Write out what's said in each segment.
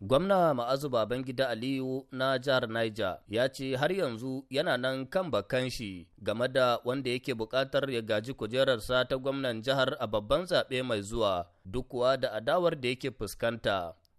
Gwamna ma'azu Babangida Aliyu na jihar Niger ya ce har yanzu yana nan kan bakan shi game da wanda yake buƙatar ya gaji kujerarsa ta gwamnan jihar a babban zaɓe mai zuwa duk kuwa da adawar da yake fuskanta.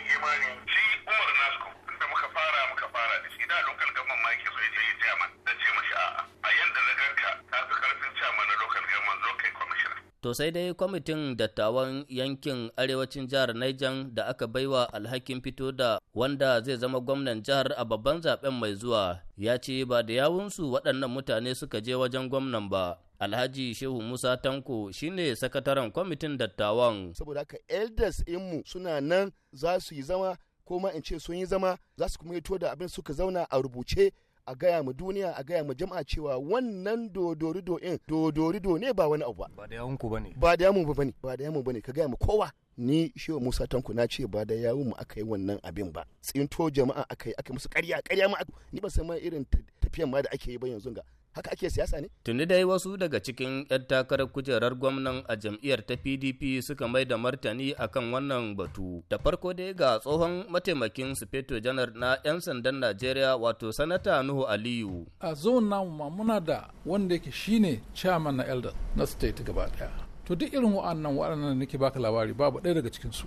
mun imani shi umar nasko da muka fara muka fara da shi da lokal gaban ma yake so ya je ya da ce mashi a'a a yanda na ganka ta fi karfin chairman na lokal gaban zo kai commissioner to sai dai kwamitin dattawan yankin arewacin jihar Niger da aka baiwa alhakin fito da wanda zai zama gwamnan jihar a babban zaben mai zuwa ya ce ba da yawunsu waɗannan mutane suka je wajen gwamnan ba Alhaji Shehu Musa Tanko shine sakataren kwamitin dattawan. Saboda haka elders inmu suna nan za su yi zama ko ma in ce sun yi zama za su kuma hito da abin suka zauna a rubuce a gaya mu duniya a gaya mu jama'a cewa wannan dodorido in dodorido ne ba wani abu ba ba da yawun ku bane ba da yawun bane ba da yawun bane ka gaya mu kowa ni shehu Musa Tanko na ce ba da yawun mu aka yi wannan abin ba tsinto jama'a aka yi aka musu ƙarya ƙarya ma ni ba san ma irin tafiyan ma da ake yi ba yanzu ga haka ake siyasa ne tuni dai wasu daga cikin yan takarar kujerar gwamnan a jam'iyyar ta PDP suka mai da martani akan wannan batu da farko dai ga tsohon mataimakin sufeto janar na yan sandan Najeriya wato sanata Nuhu Aliyu a zone namu ma muna da wanda yake shine chairman na elder na state gaba daya to duk irin wa'annan wa'annan nake baka labari babu ɗaya daga cikin su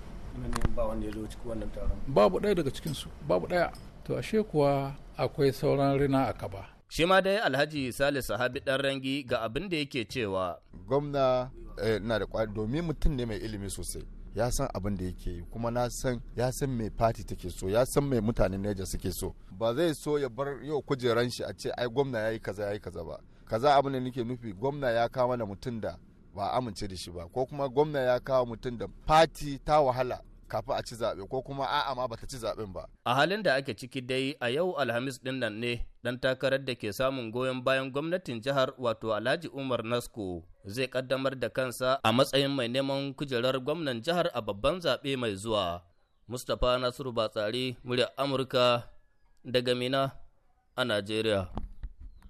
babu ɗaya daga cikinsu babu ɗaya to ashe kuwa akwai sauran rina a kaba Shi ma dai Alhaji Salisu Sahabi ɗan rangi ga abin da yake cewa. Gwamna eh, na da kwari domin mutum ne mai ilimi sosai. ya san abin da yake yi kuma na san ya san mai fati take so ya san mai mutanen neja suke so ba zai so ya bar yau kujeran shi a ce ai gwamna ya yi kaza ya yi kaza ba kaza abin da nake nufi gwamna ya kama da mutum da ba amince da shi ba ko kuma gwamna ya kawo mutum da fati ta wahala kafi a ci zaɓe ko kuma a'a ma bata ci zaɓen ba. A halin da ake ciki dai a yau Alhamis ɗin nan ne ɗan takarar da ke samun goyon bayan gwamnatin jihar wato Alhaji Umar Nasko zai ƙaddamar da kansa a matsayin mai neman kujerar gwamnan jihar a babban zaɓe mai zuwa. Mustapha Nasiru Batsari, muryar Amurka daga Mina a Najeriya.